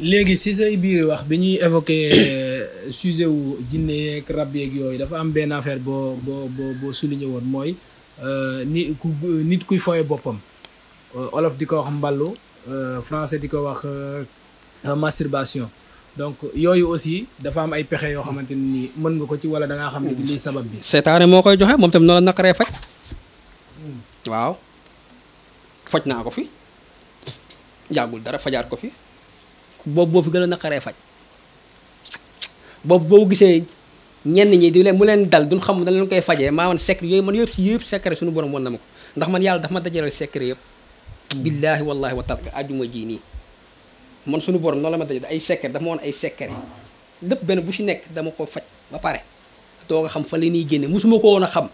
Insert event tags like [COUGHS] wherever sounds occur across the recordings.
léegi si say biir wax bi ñuy évoqué euh, sujet wu jinne yeeg rab yeeg yooyu dafa am benn affaire boo boo boo boo souligné woon mooy euh, nit ku nit kuy foye boppam euh, olof di ko wax mballu français di ko wax masturbation donc yooyu aussi dafa am ay pexe yoo xamante ni nii mën nga ko ci wala da ngaa xam ne lii sabab bi. seetaane moo koy joxe moom tamit noonu la naqaree faj. Hmm. waaw faj naa ko fi yàggul dara fajaat ko fi. boobu boo fi gën a naqaree faj boobu boo gisee ñenn ñi di leen mu leen dal duñ xam dañ leen koy fajee maa man secret yooyu man yëpp si yëpp secret suñu borom woon na ma ko ndax man yàlla dafa ma dajaleel secret yëpp billaahi wallaahi wa taala ajuma ji nii man sunu bon noonu la ma dajale ay secret dafa ma woon ay secret yi lépp benn bu si nekk dama ko faj ba pare doo nga xam fa la ñuy génne musuma ko wan a xam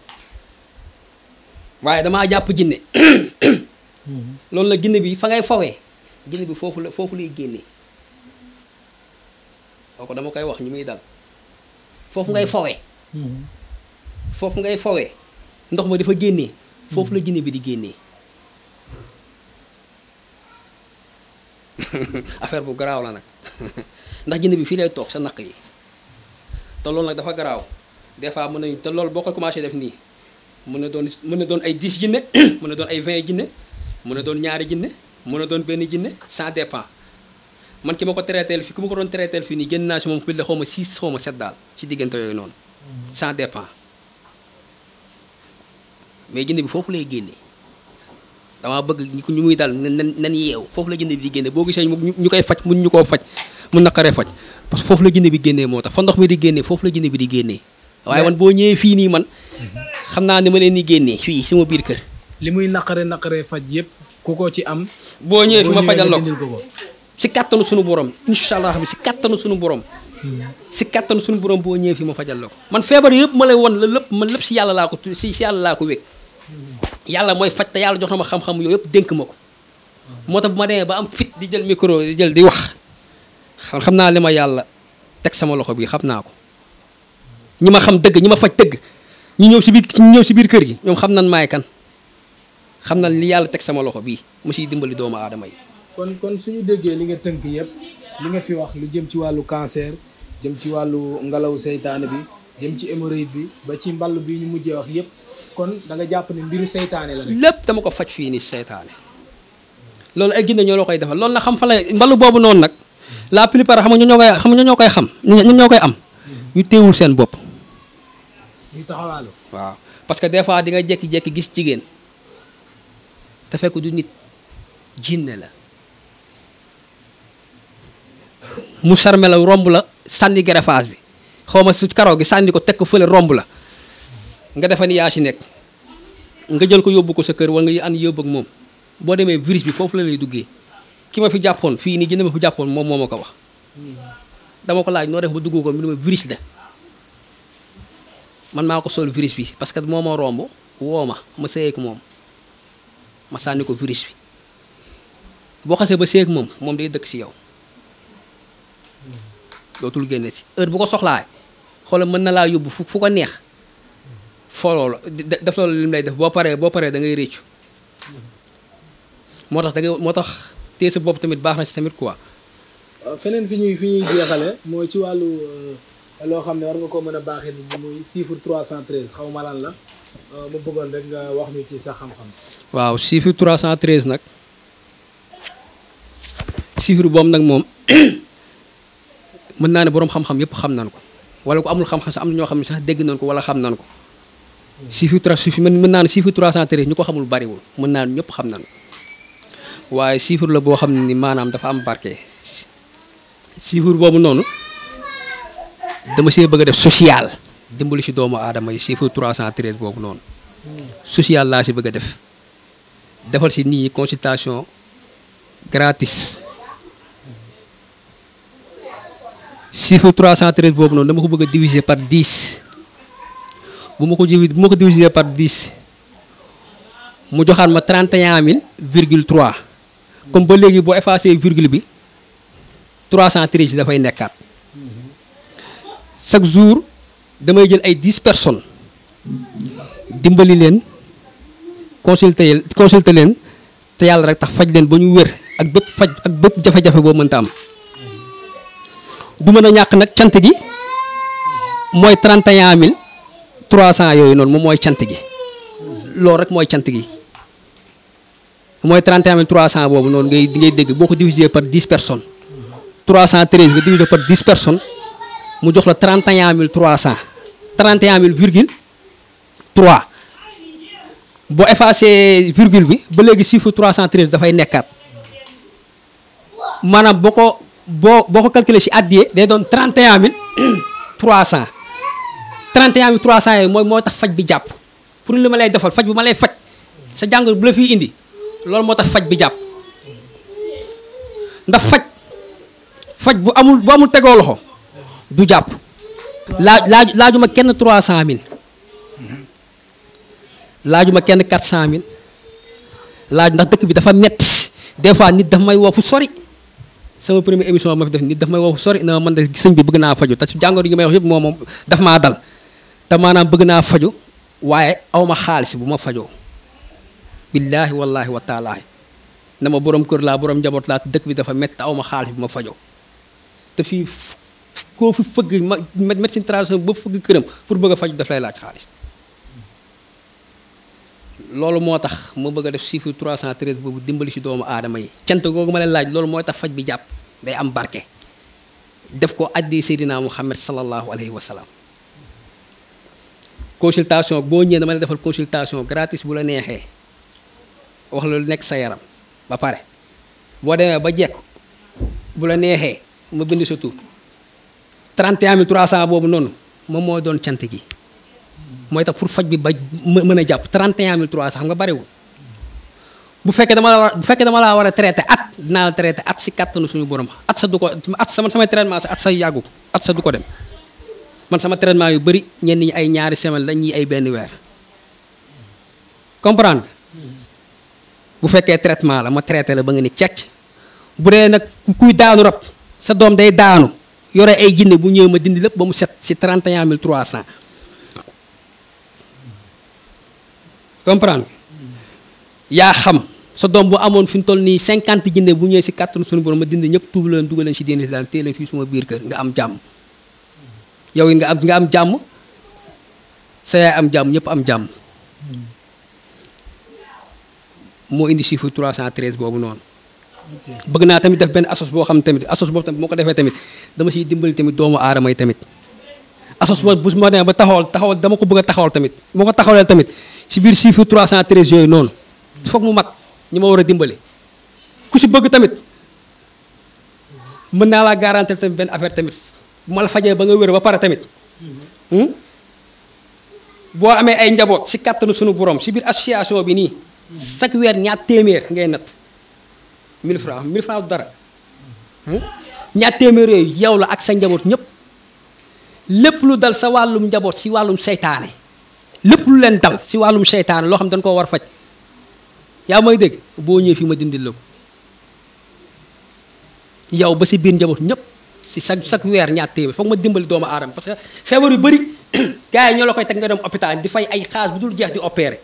waaye damaa jàpp jinne [COUGHS] hmm. loolu la jinne bi fa ngay fowee jinne bi foofu la foofu lay génnee kooku dama koy wax ñi muy dal foofu ngay hmm. fowee hmm. foofu ngay fowee ndox moo dafa génnee hmm. foofu la jinne bi di génnee [LAUGHS] affaire bu garaaw la nag [LAUGHS] ndax jinne bi fii lay toog sa naq yi te loolu nag dafa garaaw des fois mën nañu te lool boo ko commencé def nii mën na doon mën na doon ay 10 [COUGHS] jinne mën na doon ay 20 jinne mun na doon ñaari jinne mun na doon benn jinne ça dépend man ki ma ko traiteel fi ku ma ko doon traiteel fii nii génn naa si moom plus de xaw ma six xaw ma sept daal si diggante yooyu noonu sans mm-hmm. dépend mais jënd bi foofu lay génne damaa bëgg ñu muy dal nan nan yeew foofu la jënd bi di génne boo gisee ñu koy faj mun ñu koo faj mun naqaree faj parce que foofu la jënd bi génnee moo tax fa ndox mi di génnee foofu la jënd bi di génne waaye man boo ñëwee fii nii man mm-hmm. xam naa ne ma leen di génnee fii suma biir kër li muy naqare naqaree faj yëpp ku ci am boo ñëwee fi ma fajal la si kàttanu sunu borom incha allah bi si kàttanu sunu borom. si kàttanu sunu borom boo ñëw fii ma fajal la ko. man feebar yëpp ma lay won la lépp man lépp si yàlla laa ko si si yàlla laa ko wékk. yàlla mooy faj te yàlla jox na ma xam-xam yooyu yëpp dénk ma ko. moo tax bu ma demee ba am fit di jël micro di jël di wax. xam xam naa li ma yàlla teg sama loxo bii xam naa ko ñi ma xam dëgg ñi ma faj dëgg ñu ñëw si biir ñu ñëw si biir kër gi ñoom xam nan maay kan xam nan li yàlla teg sama loxo bii mu siy dimbali doomu aadama yi. kon kon suñu déggee li nga tënk yëpp li nga fi wax lu jëm ci wàllu cancer jëm ci wàllu ngelaw seytaane bi jëm ci hémorroïde bi ba ci mball bi ñu mujjee wax yëpp kon da nga jàpp ne mbiru seytaane la rek. lépp dama ko faj fii nii seytaane loolu ay ginne ñoo la koy defal loolu na xam fa la mballu boobu noonu nag la plupart xam nga ñoo koy xam nga ñoo koy xam ñun ñoo koy am. ñu téewul seen bopp. ñu taxawaalu. waaw parce que des fois di nga jékki-jékki gis jigéen te fekk du nit jinne la. mu charme la romb la sànni greffage bi xaw ma si karaw gi sànni ko teg ko fële romb la nga defa ni yaa si nekk nga jël ko yóbbu ko sa kër wala nga an yóbbu ak moom boo demee virus bi foofu la lay duggee ki ma fi jàppoon fii nii jënd ma fi jàppoon moom moo ma ko wax dama ko laaj noo def ba dugg ko mu ne ma virus la man maa ko sol virus bi parce que moo romb woo ma ma sëyeeg moom ma sànni ko virus bi boo xasee ba sëyeeg moom moom day dëkk si yow. dootul génne si heure bu ko soxlaa xoolal mën na laa yóbbu fu fu ko neex foloo la def loolu lim lay def boo paree boo paree da ngay réccu moo tax da moo tax téye sa bopp tamit baax na si tamit quoi. Euh, feneen fi ñuy fi ñuy jeexale mooy ci wàllu euh, loo xam ne war nga koo mën a baaxee nit ñi muy cent 313 xaw ma lan la euh, mu bëggoon rek nga wax ñu ci sa xam-xam. waaw chiffre 313 nag chiffre boobu nag moom. [CLEARS THROAT] mën naa ne boroom xam-xam yëpp xam nañ ko wala ku amul xam-xam sax am na ñoo xam ne sax dégg nañ ko wala xam nañ ko chiffre trois chiffre mën naa ne chiffre 313 ñu ko xamul bariwul mën naa ne ñëpp xam nañ ko waaye chiffre la boo xam ne ni maanaam dafa am barke chiffre boobu noonu dama see bëgg a def social dimbali si doomu aadama yi chiffre 313 boobu noonu social laa si bëgg a def defal si nit ñi consultation gratis chiffre 313 boobu noonu dama ko bëgg a par 10 bu ma ko ji bu ma ko diviser par 10 mu joxaat ma 31000 virgul 3 comme ba léegi boo effacé virgule bi trois 313 dafay nekkaat chaque jour damay jël ay 10 personnes dimbali leen consulter consulter leen te yàlla rek tax faj leen ba ñu wér ak bépp faj ak bépp jafe-jafe boo mënta am. du mën a ñàkk nag cant gi mooy 31 mille 300 yooyu noonu moom mooy cant gi loolu rek mooy cant gi mooy 31 mille 300 boobu noonu ngay di ngay dégg boo ko diviser par 10 personnes 313 nga diviser par 10 personnes mu jox la 31 mille 300 31 mille virgule 3 boo effacé virgule bi ba léegi chiffre 313 dafay nekkaat maanaam boo ko boo boo ko calculer ci addiye day doon 31 300 31 300 yooyu mooy moo tax faj bi jàpp pour li ma lay defal faj bu ma lay faj sa jàngoro bu la fiy indi loolu moo tax faj bi jàpp ndax faj faj bu amul bu amul tegoo loxo du jàpp. laaj laaju ma kenn 300000 ma kenn 400000 laaj ndax dëkk bi dafa metti des fois nit dafa may woo sori. sama première émission ma fi def nit daf may woo sori na man de sëñ bi bëgg naa faju te jàngoro yi may wax yëpp moom moom daf maa dal te maanaam bëgg naa faju waaye aw ma xaalis bu ma fajoo billaahi wallaahi wa taalaahi boroom kër laa borom njaboot laa dëkk bi dafa métti aw ma xaalis bu ma fajoo te fii koo fi fëgg ma médecine traditionnelle ba fëgg këram pour bëgg a faju daf lay laaj xaalis loolu moo tax ma bëgg a def chiffre 313 boobu dimbali si doomu aadama yi cant googu ma leen laaj loolu mooy tax faj bi jàpp day am barke def ko addi Seydina Muhammad sallallahu alayhi wa salaam consultation boo ñëwee dama la defal consultation gratis bu la neexee wax la lu nekk sa yaram ba pare boo demee ba jekk bu la neexee ma bind sa tur 31300 boobu noonu moom moo doon cant gi mooy tax pour faj bi ba mën a jàpp 31300 xam nga bariwul bu fekkee dama la war bu fekkee dama laa war a traité at dinaa la traité at si kàttanu suñu borom at sa du ko at sama samay traitement sa sa yàggu at sa du ko dem man sama traitement yu bëri ñenn ñi ay ñaari semaine la ñii ay benn weer comprendre bu fekkee traitement la ma traité la ba nga ni cecc bu dee nag kuy daanu rab sa doom day daanu yore ay jinne bu ñëw ma dindi lépp ba mu set si 31300 comprendre yaa xam sa doom bu amoon fi mu toll nii cinquante jinne bu ñëwee si kàttanu suñu borom ma dindi ñëpp tuub la leen dugal leen si diine islam téye leen fii suma biir kër nga am jàmm yow it nga am nga am jàmm sa yaay am jàmm ñëpp am jàmm moo indi chiffre 313 boobu noonu. bëgg naa tamit def benn asos boo xam tamit asos boobu tamit moo ko defee tamit dama siy dimbali tamit doomu aadama yi tamit. asos ba bu ma demee ba taxawal taxawal dama ko bëgg a taxawal tamit moo ko taxawalee tamit si biir chiffre 313 yooyu noonu foog mu mat ñi ma war a dimbale ku si bëgg tamit mën naa laa garantir tamit benn affaire tamit ma la fajee ba ngay wér ba pare tamit hmm? boo amee ay njaboot si kàttanu sunu borom si biir association bi nii chaque weer ñaar téeméer ngay natt 1000 francs 1000 francs du dara hmm? ñaar téeméer yooyu yow la ak sa njaboot ñëpp lépp lu dal sa wàllum njaboot si wàllum seytaane lépp lu leen dal si wàllum seytaane loo xam dañ koo war faj yaa may dégg boo ñëwee fii ma dindil la ko yow ba si biir njaboot ñëpp si chaque chaque weer ñaar téeméer foog ma dimbali doomu aadama parce que feebar yu bari [CLEARS THROAT] gars yi ñoo la koy teg nga dem hôpital di fay ay xaalis bu dul jeex di opéré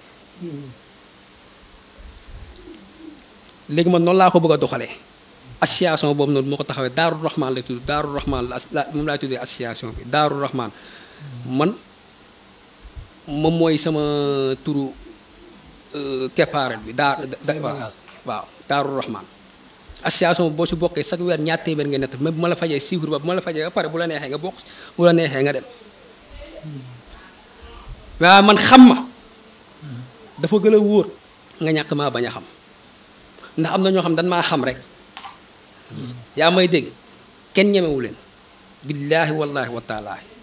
léegi ma noonu laa ko bëgg a doxalee. association boobu noonu moo ko taxawee Daaru Rahman lay tudd Daaru Rahman la moom laay tuddee association bi Daaru Rahman man moom mooy sama turu euh, keppaareel bi. daa waaw Daaru Rahman. association boo si bokkee chaque weer ñaar téeméer nga nett même bu ma la fajee siiwur ba bu ma la fajee ba pare bu la neexee nga bokk bu la neexee nga dem waaw man xam ma dafa gën a wóor nga ñàkk maa bañ a xam ndax am na ñoo xam dañ maa xam rek. yaa may dégg kenn ñemewu leen billaahi wallaahi wa taalaahi